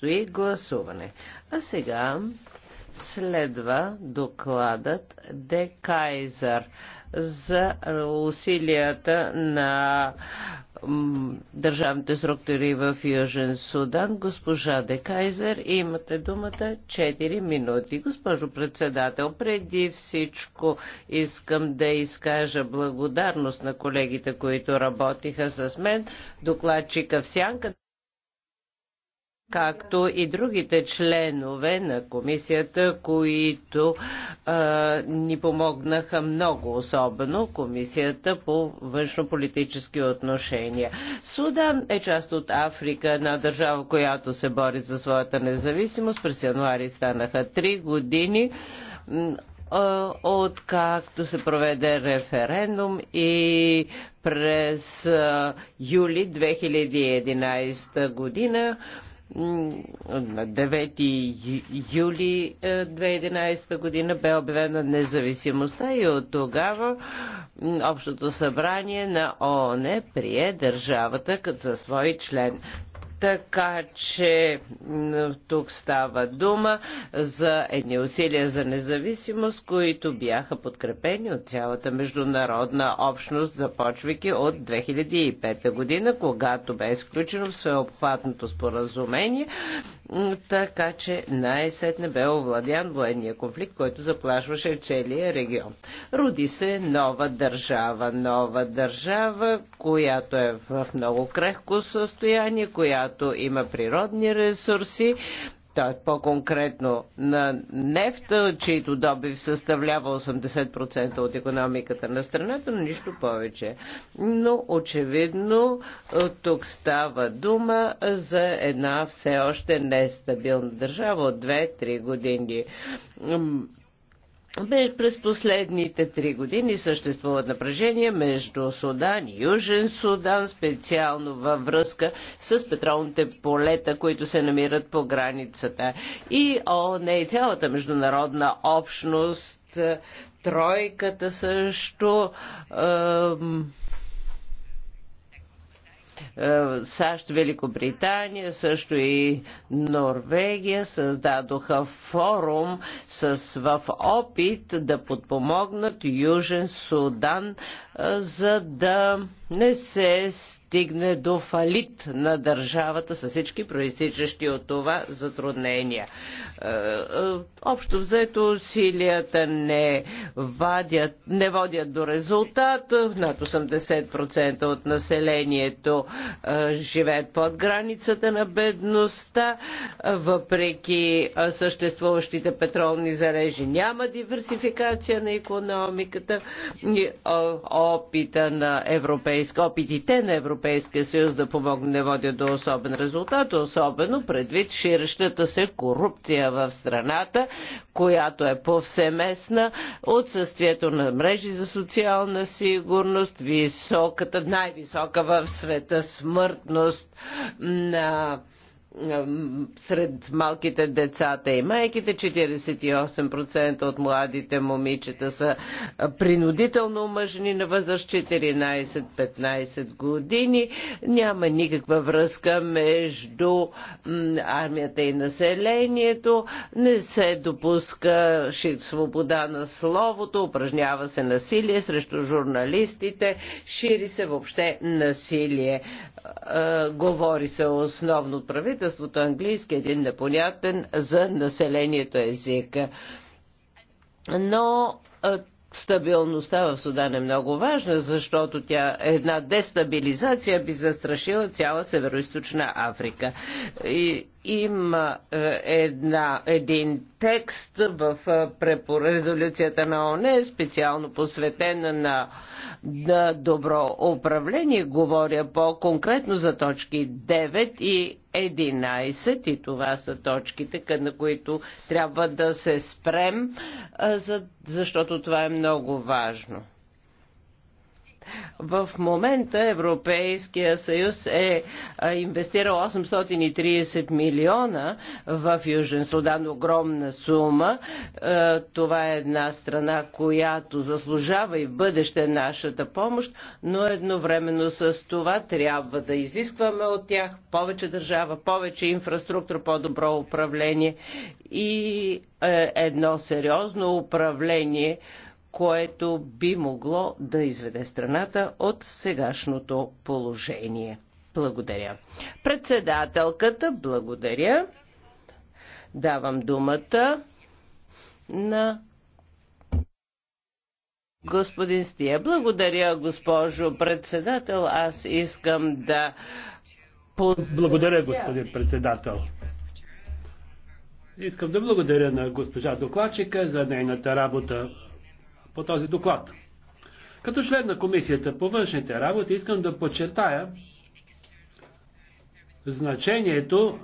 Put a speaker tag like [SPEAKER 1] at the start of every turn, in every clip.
[SPEAKER 1] предстои гласуване. А сега следва докладът Де Кайзер за усилията на държавните структури в Южен Судан. Госпожа Де Кайзер, имате думата 4 минути. Госпожо председател, преди всичко искам да изкажа благодарност на колегите, които работиха с мен, докладчика в сянка както и другите членове на комисията, които а, ни помогнаха много, особено комисията по външнополитически отношения. Судан е част от Африка, една държава, която се бори за своята независимост. През януари станаха три години откакто се проведе референдум и през юли 2011 година на 9 юли 2011 е, година бе обявена независимостта и от тогава Общото събрание на ООН прие държавата като за свой член. Така че тук става дума за едни усилия за независимост, които бяха подкрепени от цялата международна общност, започвайки от 2005 година, когато бе изключено всеобхватното споразумение така че най-сетне бе овладян военния конфликт, който заплашваше целия регион. Роди се нова държава, нова държава, която е в много крехко състояние, която има природни ресурси, по-конкретно на нефта, чието добив съставлява 80% от економиката на страната, но нищо повече. Но очевидно е, тук става дума за една все още нестабилна държава от 2-3 години. През последните три години съществуват напрежения между Судан и Южен Судан, специално във връзка с петролните полета, които се намират по границата. И ООН и цялата международна общност, тройката също. Е, е, САЩ, Великобритания, също и Норвегия създадоха форум с, в опит да подпомогнат Южен Судан, е, за да не се стигне до фалит на държавата с всички проистичащи от това затруднения. Е, общо взето усилията не вадят, не водят до резултат. Над 80% от населението живеят под границата на бедността. Въпреки съществуващите петролни зарежи няма диверсификация на економиката. Опита на европейска, опитите на Европейския съюз да помогне не водят до особен резултат, особено предвид ширещата се корупция в страната, която е повсеместна от отсъствието на мрежи за социална сигурност, високата, най-висока в света смъртност на сред малките децата и майките, 48% от младите момичета са принудително мъжни на възраст 14-15 години. Няма никаква връзка между армията и населението. Не се допуска свобода на словото, упражнява се насилие срещу журналистите, шири се въобще насилие. Говори се основно от правителството правителството английски е един непонятен за населението език. Но стабилността в Судан е много важна, защото тя една дестабилизация би застрашила цяла северо Африка. И има е, една, един текст в е, препор... резолюцията на ОНЕ, специално посветена на, на добро управление. Говоря по-конкретно за точки 9 и 11 и това са точките, на които трябва да се спрем, е, защото това е много важно. В момента Европейския съюз е инвестирал 830 милиона в Южен Судан, огромна сума. Това е една страна, която заслужава и в бъдеще нашата помощ, но едновременно с това трябва да изискваме от тях повече държава, повече инфраструктура, по-добро управление и е, едно сериозно управление, което би могло да изведе страната от сегашното положение. Благодаря. Председателката, благодаря. Давам думата на господин Стия. Благодаря, госпожо председател. Аз искам да.
[SPEAKER 2] Благодаря, господин председател. Искам да благодаря на госпожа докладчика за нейната работа по този доклад. Като член на Комисията по външните работи искам да почетая значението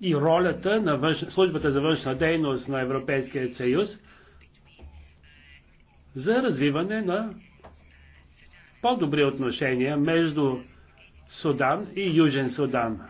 [SPEAKER 2] и ролята на външ... службата за външна дейност на Европейския съюз за развиване на по-добри отношения между Судан и Южен Судан.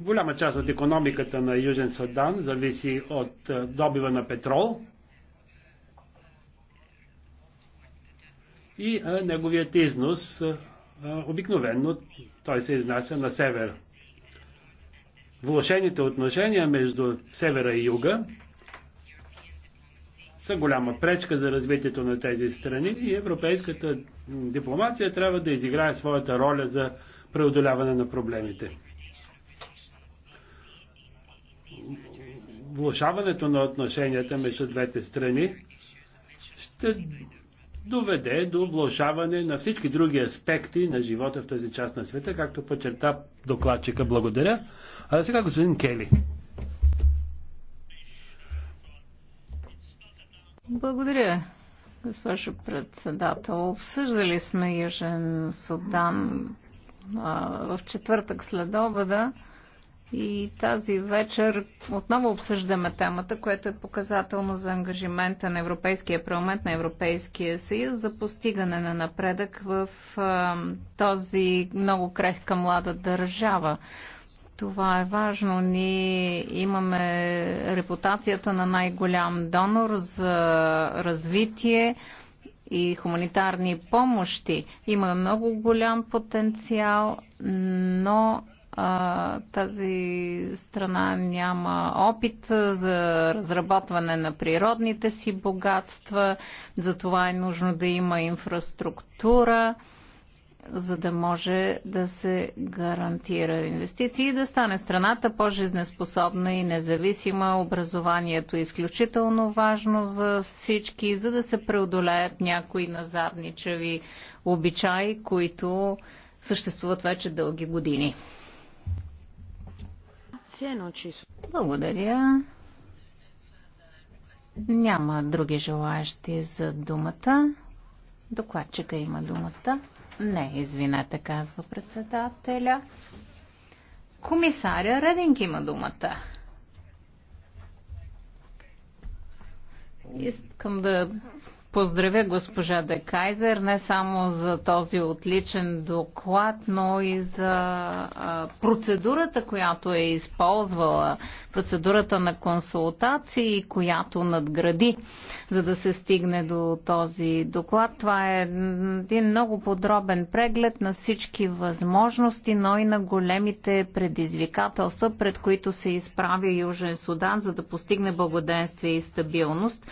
[SPEAKER 2] Голяма част от економиката на Южен Судан зависи от е, добива на петрол и е, неговият износ е, обикновенно той се изнася на север. Влошените отношения между севера и юга са голяма пречка за развитието на тези страни и европейската дипломация трябва да изиграе своята роля за преодоляване на проблемите. влушаването на отношенията между двете страни ще доведе до влушаване на всички други аспекти на живота в тази част на света, както подчерта докладчика. Благодаря. А сега господин Кели.
[SPEAKER 3] Благодаря, госпожо председател. Обсъждали сме Южен Судан в четвъртък след обеда. И тази вечер отново обсъждаме темата, което е показателно за ангажимента на Европейския парламент на Европейския съюз за постигане на напредък в а, този много крехка млада държава. Това е важно. Ние имаме репутацията на най-голям донор за развитие и хуманитарни помощи. Има много голям потенциал, но тази страна няма опит за разработване на природните си богатства, затова е нужно да има инфраструктура, за да може да се гарантира инвестиции и да стане страната по-жизнеспособна и независима. Образованието е изключително важно за всички, за да се преодолеят някои назадничави обичаи, които съществуват вече дълги години. Благодаря. Няма други желаящи за думата. Докладчика има думата. Не, извинете, казва председателя. Комисаря Рединг има думата. Искам да поздравя госпожа Де Кайзер не само за този отличен доклад, но и за процедурата, която е използвала, процедурата на консултации, която надгради, за да се стигне до този доклад. Това е един много подробен преглед на всички възможности, но и на големите предизвикателства, пред които се изправя Южен Судан, за да постигне благоденствие и стабилност.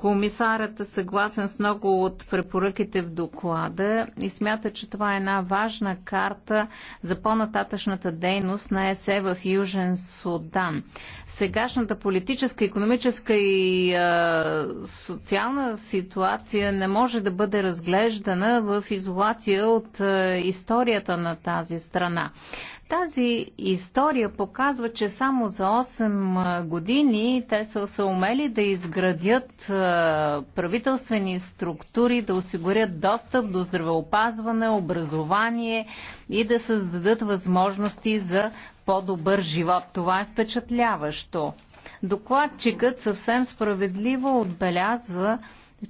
[SPEAKER 3] Комисарът е съгласен с много от препоръките в доклада и смята, че това е една важна карта за по-нататъчната дейност на ЕСЕ в Южен Судан. Сегашната политическа, економическа и е, социална ситуация не може да бъде разглеждана в изолация от е, историята на тази страна. Тази история показва, че само за 8 години те са се умели да изградят правителствени структури, да осигурят достъп до здравеопазване, образование и да създадат възможности за по-добър живот. Това е впечатляващо. Докладчикът съвсем справедливо отбеляза,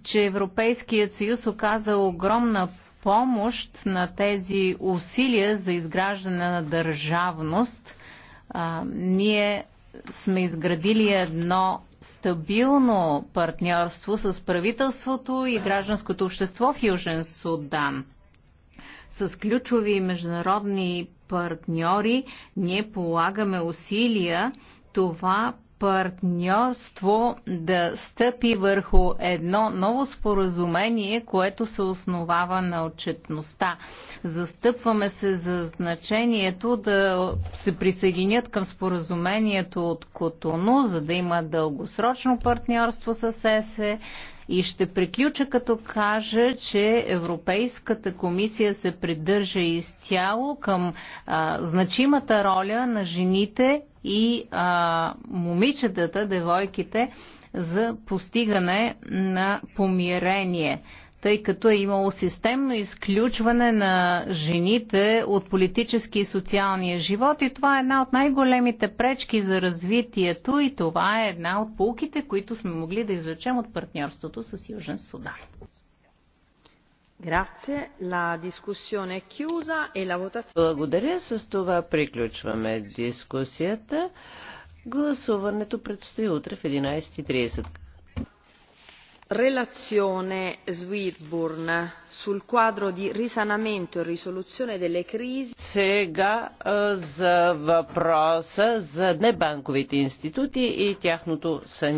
[SPEAKER 3] че Европейският съюз оказа огромна помощ на тези усилия за изграждане на държавност, а, ние сме изградили едно стабилно партньорство с правителството и гражданското общество в Южен Судан. С ключови международни партньори ние полагаме усилия това партньорство да стъпи върху едно ново споразумение, което се основава на отчетността. Застъпваме се за значението да се присъединят към споразумението от Котону, за да има дългосрочно партньорство с ЕСЕ, и ще приключа като кажа, че Европейската комисия се придържа изцяло към а, значимата роля на жените и а, момичетата, девойките, за постигане на помирение тъй като е имало системно изключване на жените от политически и социалния живот и това е една от най-големите пречки за развитието и това е една от полките, които сме могли да извлечем от партньорството с Южен Судан.
[SPEAKER 1] E Благодаря. С това приключваме дискусията. Гласуването предстои утре в 11.30. Relazione Swinburne sul
[SPEAKER 3] quadro di risanamento e risoluzione delle crisi.
[SPEAKER 1] Сега за въпроса за небанковите институти и тяхното саниране.